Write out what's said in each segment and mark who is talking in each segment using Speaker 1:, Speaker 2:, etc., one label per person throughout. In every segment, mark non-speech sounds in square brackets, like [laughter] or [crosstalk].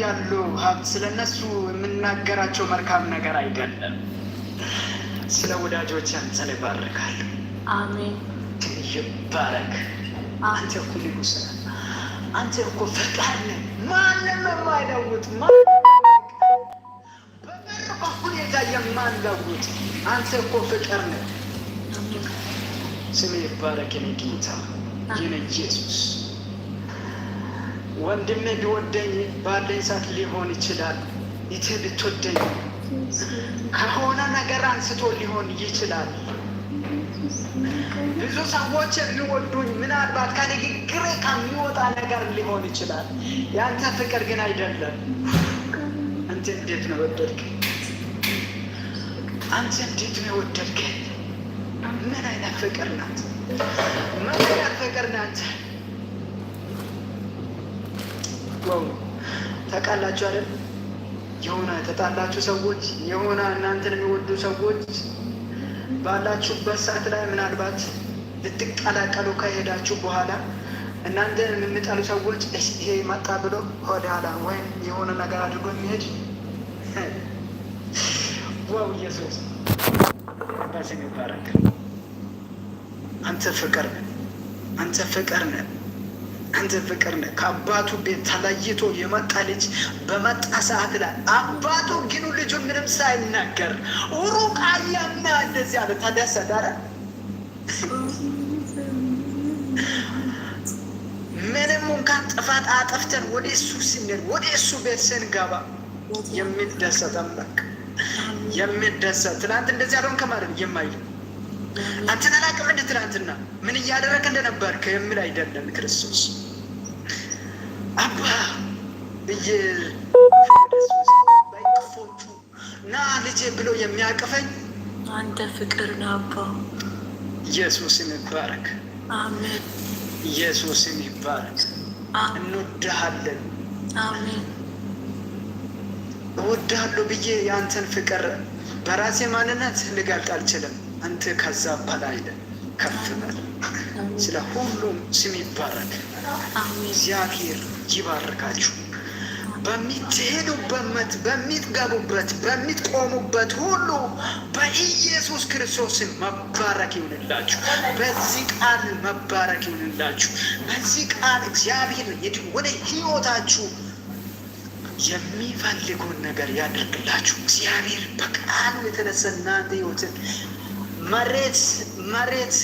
Speaker 1: ያሉ ሀብት ስለነሱ የምናገራቸው መልካም ነገር አይደለም። ስለ ወዳጆች አንተን እባርካለሁ። አሜን። ይባረክ። አንተ እኮ ንጉሥ አንተ እኮ ፈጣሪ ነህ። ማንም የማይለውጥ በመረባ ሁኔታ የማንለውጥ አንተ እኮ ፍቅር ነህ። ስሜ ይባረክ የኔ ጌታ የኔ ኢየሱስ ወንድሜ ቢወደኝ ባለኝ ሰዓት ሊሆን ይችላል። ይት ብትወደኝ ከሆነ ነገር አንስቶ ሊሆን ይችላል። ብዙ ሰዎች የሚወዱኝ ምናልባት ከንግግር ከሚወጣ ነገር ሊሆን ይችላል። ያንተ ፍቅር ግን አይደለም። አንተ እንዴት ነው ወደድክ? አንተ እንዴት ነው ወደድክ? ምን አይነት ፍቅር ናት? ምን አይነት ፍቅር ናት? ዋው ታውቃላችሁ አይደል? የሆነ ተጣላችሁ ሰዎች የሆነ እናንተን የሚወዱ ሰዎች ባላችሁበት ሰዓት ላይ ምናልባት ልትቀላቀሉ ከሄዳችሁ በኋላ እናንተን የምንጠሉ ሰዎች ይሄ መጣ ብሎ ወደኋላ ወይም የሆነ ነገር አድርጎ የሚሄድ [laughs] ዋው ኢየሱስ ባስ ይባረክ። አንተ ፍቅር ነህ፣ አንተ ፍቅር ነህ። አንተ ፍቅር ነህ። ከአባቱ ቤት ተለይቶ የመጣ ልጅ በመጣ ሰዓት ላይ አባቱ ግኑ ልጁ ምንም ሳይናገር ሩቅ አያና እንደዚህ አለ። ተደሰተ። ምንም እንኳን ጥፋት አጠፍተን ወደ እሱ ስንል ወደ እሱ ቤት ስንገባ የሚደሰት አምላክ የሚደሰት ትናንት እንደዚህ አልሆንክም አይደል የማይል አንተን አላውቅም እንደ ትናንትና ምን እያደረግ እንደነበር ከሚል አይደለም ክርስቶስ አባ እየቅፎቹ ና ልጄ ብሎ የሚያቅፈኝ
Speaker 2: አንተ ፍቅር ና አባ
Speaker 1: ኢየሱስም ይባረክ። አሜን። ኢየሱስም ይባረክ። እንወድሃለን። አሜን። እወድሃለሁ ብዬ የአንተን ፍቅር በራሴ ማንነት ልገልጥ አልችልም። አንተ ከዛ በላይ ከፍ በል። ስለ ሁሉም ስም ይባረክ። እግዚአብሔር ይባርካችሁ። በምትሄዱበት፣ በምትገቡበት፣ በምትቆሙበት ሁሉ በኢየሱስ ክርስቶስ መባረክ ይሁንላችሁ። በዚህ ቃል መባረክ ይሁንላችሁ። በዚህ ቃል እግዚአብሔር ወደ ህይወታችሁ የሚፈልገውን ነገር ያደርግላችሁ። እግዚአብሔር በቃሉ የተነሳ እናንተ ሕይወትን መሬት መሬት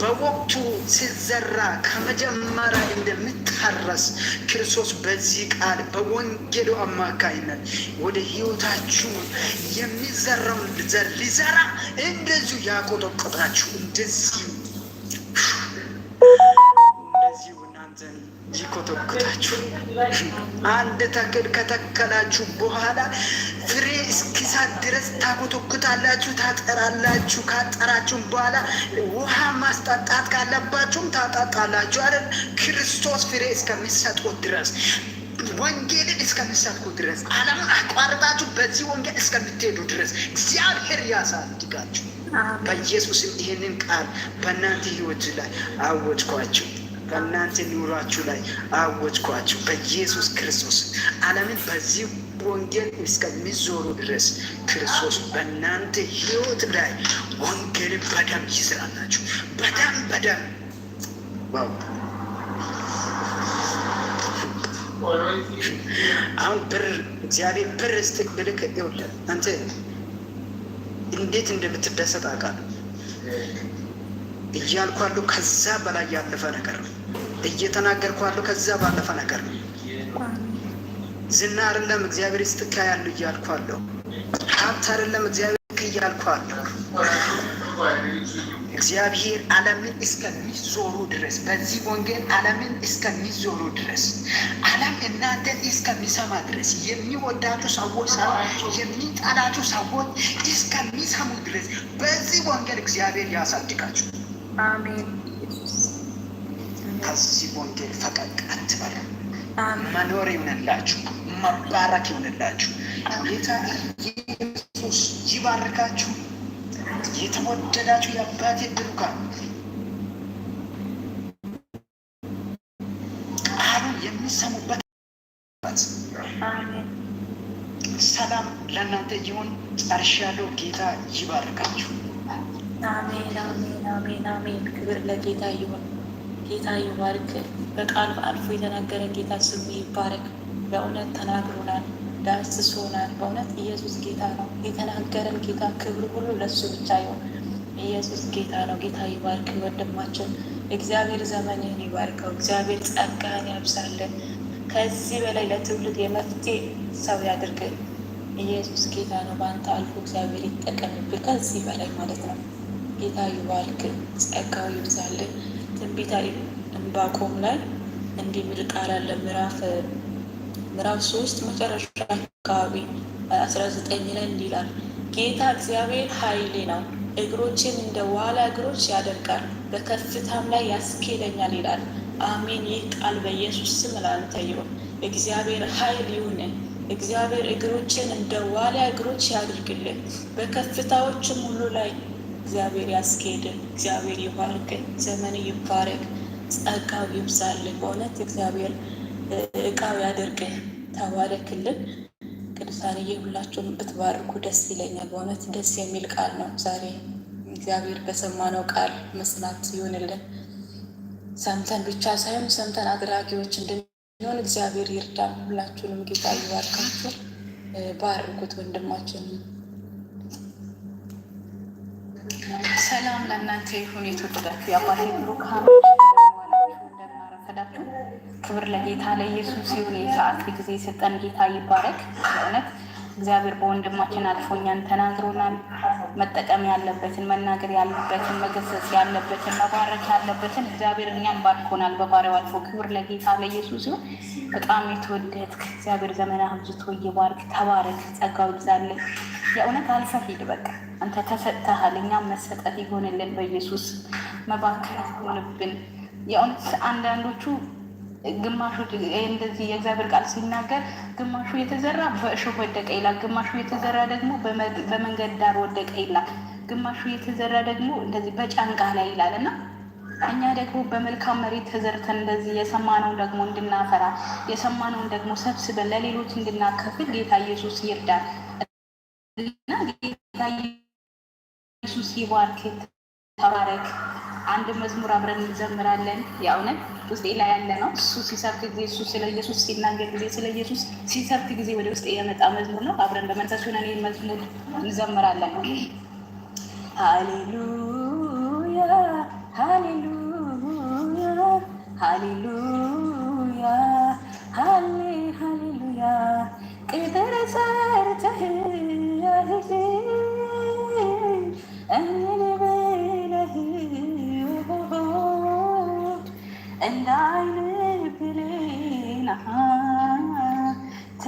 Speaker 1: በወቅቱ ሲዘራ ከመጀመሪያ እንደሚታረስ ክርስቶስ በዚህ ቃል በወንጌሉ አማካይነት ወደ ሕይወታችሁ የሚዘራውን ዘር ሊዘራ እንደዚሁ ያቆጠቆጣችሁ እንደዚሁ እንደዚሁ አንድ ተክል ከተከላችሁ በኋላ ፍሬ ሰዓት ድረስ ታኮተኩታላችሁ፣ ታጠራላችሁ። ካጠራችሁም በኋላ ውሃ ማስጠጣት ካለባችሁም ታጣጣላችሁ አይደል? ክርስቶስ ፍሬ እስከሚሰጡት ድረስ ወንጌልን እስከሚሰብኩ ድረስ ዓለምን አቋርጣችሁ በዚህ ወንጌል እስከምትሄዱ ድረስ እግዚአብሔር ያሳድጋችሁ። በኢየሱስም ይህንን ቃል በእናንተ ህይወት ላይ አወጅኳችሁ። በእናንተ ኑሯችሁ ላይ አወጅኳችሁ። በኢየሱስ ክርስቶስ ዓለምን በዚህ ወንጌል እስከሚዞሩ ድረስ ክርስቶስ በእናንተ ህይወት ላይ ወንጌል በደም ይስራላችሁ። በደም በደም አሁን ብር እግዚአብሔር ብር ስትክ ብልክ ይውላል። አንተ እንዴት እንደምትደሰት አውቃለሁ እያልኳለሁ። ከዛ በላይ ያለፈ ነገር ነው እየተናገርኳለሁ። ከዛ ባለፈ ነገር ነው ዝና አይደለም እግዚአብሔር ይስጥካ ያሉ እያልኳለሁ። ሀብት አይደለም እግዚአብሔር ክ እያልኳለሁ። እግዚአብሔር ዓለምን እስከሚዞሩ ድረስ በዚህ ወንጌል ዓለምን እስከሚዞሩ ድረስ ዓለም እናንተን እስከሚሰማ ድረስ የሚወዳቱ ሰዎች ሰ የሚጠላችሁ ሰዎች እስከሚሰሙ ድረስ በዚህ ወንጌል እግዚአብሔር ያሳድጋችሁ። አሜን። ከዚህ ወንጌል ፈቀቅ አትበሉ። መኖር ይሆንላችሁ። መባረክ ይሆንላችሁ። ጌታ ኢየሱስ ይባርካችሁ። የተወደዳችሁ የአባቴ ብሩካን ቃሉ የሚሰሙበት ሰላም ለእናንተ ይሁን። ጨርሻለሁ። ጌታ ይባርካችሁ።
Speaker 2: አሜን፣ አሜን፣ አሜን፣ አሜን። ክብር ለጌታ ይሁን። ጌታ ይባርክ። በቃል አልፎ የተናገረ ጌታ ስሙ ይባረክ። በእውነት ተናግሮናል፣ ዳስሶናል። በእውነት ኢየሱስ ጌታ ነው። የተናገረን ጌታ ክብር ሁሉ ለሱ ብቻ ይሁን። ኢየሱስ ጌታ ነው። ጌታ ይባርክ ወንድማችን። እግዚአብሔር ዘመንህን ይባርከው። እግዚአብሔር ጸጋህን ያብዛልን። ከዚህ በላይ ለትውልድ የመፍትሄ ሰው ያድርግህ። ኢየሱስ ጌታ ነው። በአንተ አልፎ እግዚአብሔር ይጠቀምብህ ከዚህ በላይ ማለት ነው። ጌታ ይባርክ፣ ጸጋው ይብዛልን። ትንቢተ ዕንባቆም ላይ እንዲህ የሚል ቃል አለ ምዕራፍ ምዕራፍ ሶስት መጨረሻ አካባቢ 19 ላይ ይላል፣ ጌታ እግዚአብሔር ኃይሌ ነው፣ እግሮችን እንደ ዋላ እግሮች ያደርጋል፣ በከፍታም ላይ ያስኬደኛል ይላል። አሜን። ይህ ቃል በኢየሱስ ስም ላንተ ይሁን። እግዚአብሔር ኃይል ይሁን። እግዚአብሔር እግሮችን እንደ ዋላ እግሮች ያድርግልን፣ በከፍታዎችም ሁሉ ላይ እግዚአብሔር ያስኬድ። እግዚአብሔር ይባርክ። ዘመን ይባረክ። ጸጋው ይብዛልን። በእውነት እግዚአብሔር እቃው ያድርግህ። ተባረክልን። ቅዱሳን ሁላችሁም ብትባርኩ ደስ ይለኛል። በእውነት ደስ የሚል ቃል ነው። ዛሬ እግዚአብሔር በሰማነው ቃል መስናት ይሆንልን። ሰምተን ብቻ ሳይሆን ሰምተን አድራጊዎች እንድንሆን እግዚአብሔር ይርዳል ሁላችሁንም ጌታ ይባርካችሁ። ባርኩት ወንድማችን። ሰላም ለእናንተ ይሁን። የተወደዳችሁ የአባቴ ብሩካን አልከዳችሁም። ክብር ለጌታ ለኢየሱስ ይሁን። የሰዓት ጊዜ የሰጠን ጌታ ይባረክ። በእውነት እግዚአብሔር በወንድማችን አልፎኛን ተናግሮናል። መጠቀም ያለበትን መናገር ያለበትን መገሰጽ ያለበትን መባረክ ያለበትን እግዚአብሔር እኛን ባርኮናል በባሪያው አልፎ። ክብር ለጌታ ለኢየሱስ ይሁን። በጣም የተወደድክ እግዚአብሔር ዘመና አብዝቶ ይባርክ። ተባረክ፣ ጸጋው ይብዛልህ። የእውነት አልሰፊድ በቃ አንተ ተሰጥተሃል፣ እኛም መሰጠት ይሆንልን። በኢየሱስ መባከል ይሆንብን የእውነት አንዳንዶቹ ግማሹ እንደዚህ የእግዚአብሔር ቃል ሲናገር ግማሹ የተዘራ በእሾህ ወደቀ ይላል፣ ግማሹ የተዘራ ደግሞ በመንገድ ዳር ወደቀ ይላል፣ ግማሹ የተዘራ ደግሞ እንደዚህ በጫንቃ ላይ ይላል እና እኛ ደግሞ በመልካም መሬት ተዘርተን እንደዚህ የሰማነውን ደግሞ እንድናፈራ የሰማነውን ደግሞ ሰብስበን ለሌሎች እንድናከፍል ጌታ ኢየሱስ ይርዳል እና ጌታ ኢየሱስ ይባርክ። ተባረክ። አንድ መዝሙር አብረን እንዘምራለን። የእውነት ውስጤ ላይ ያለ ነው። እሱ ሲሰርት ጊዜ እሱ ስለ ኢየሱስ ሲናገር ጊዜ ስለ ኢየሱስ ሲሰርት ጊዜ ወደ ውስጤ የመጣ መዝሙር ነው። አብረን በመንፈስ ሆነን ይህን መዝሙር እንዘምራለን። ሃሌሉያ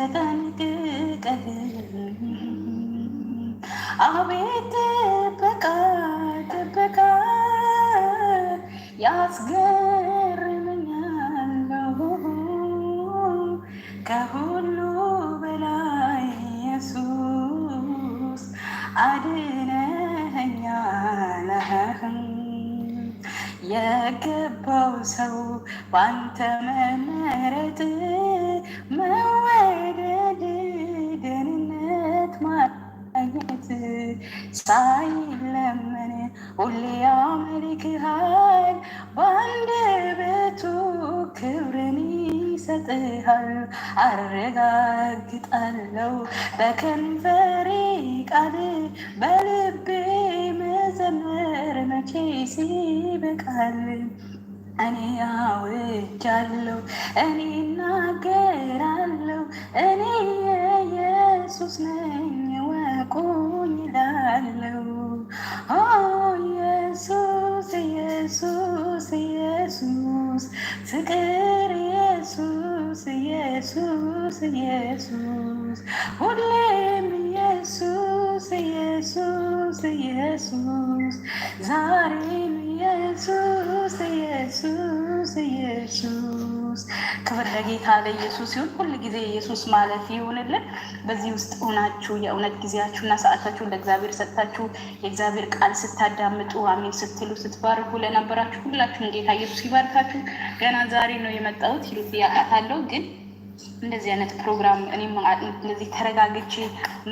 Speaker 2: ተጠንቅቀህ አቤት ጥበቃ ጥበቃ ያስገርመኛል ከሁሉ በላይ ኢየሱስ አድነኸኛል። የገባው ሰው ባንተ መመረጥ መው ሳይለመን ሁሌ ያመልክሃል፣ በአንደበቱ ክብርን ይሰጥሃል። አረጋግጣለው በከንፈሬ ቃል በልቤ መዘመር መቼ ሲበቃል። እኔ አውጃለሁ፣ እኔ እናገራለሁ፣ እኔ የኢየሱስ ነኝ ወቁ አለው። ኢየሱስ ኢየሱስ ኢየሱስ ፍቅር ኢየሱስ ኢየሱስ ኢየሱስ ሁሌም ኢየሱስ ኢየሱስ ኢየሱስ ዛሬም ኢየሱስ ኢየሱስ ኢየሱስ ክብር ለጌታ ለኢየሱስ ሲሆን ሁል ጊዜ ኢየሱስ ማለት ይሁንልን። በዚህ ውስጥ ሆናችሁ የእውነት ጊዜያችሁና ሰዓታችሁን ለእግዚአብሔር ሰጥታችሁ የእግዚአብሔር ቃል ስታዳምጡ አሜን ስትሉ ስትባርኩ ለነበራችሁ ሁላችሁም ጌታ ኢየሱስ ይባርካችሁ። ገና ዛሬ ነው የመጣሁት ሂሉት ያውቃታለሁ ግን እንደዚህ አይነት ፕሮግራም እኔም እንደዚህ ተረጋግቼ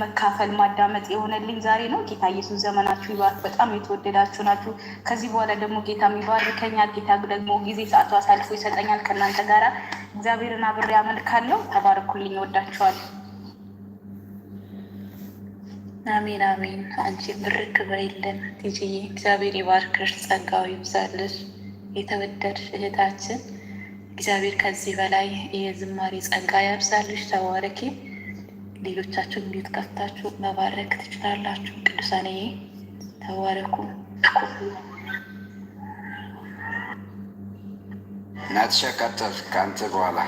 Speaker 2: መካፈል ማዳመጥ የሆነልኝ ዛሬ ነው። ጌታ ኢየሱስ ዘመናችሁ ይባርክ። በጣም የተወደዳችሁ ናችሁ። ከዚህ በኋላ ደግሞ ጌታ ይባርከኛል። ጌታ ደግሞ ጊዜ ሰዓቱ አሳልፎ ይሰጠኛል። ከእናንተ ጋራ እግዚአብሔርን አብሬ አመልካለሁ። ተባርኩልኝ። ወዳችኋለሁ። አሜን አሜን። አንቺ ብርክ በይልን ትጅዬ እግዚአብሔር ይባርክሽ፣ ጸጋው ይብዛልሽ። የተወደድሽ እህታችን እግዚአብሔር ከዚህ በላይ የዝማሬ ጸጋ ያብዛልሽ። ተባረኪ። ሌሎቻችሁ እንዴት ከፍታችሁ መባረክ ትችላላችሁ። ቅዱሳን ተባረኩ።
Speaker 3: ነፍስሽ ቀጥል ከአንተ በኋላ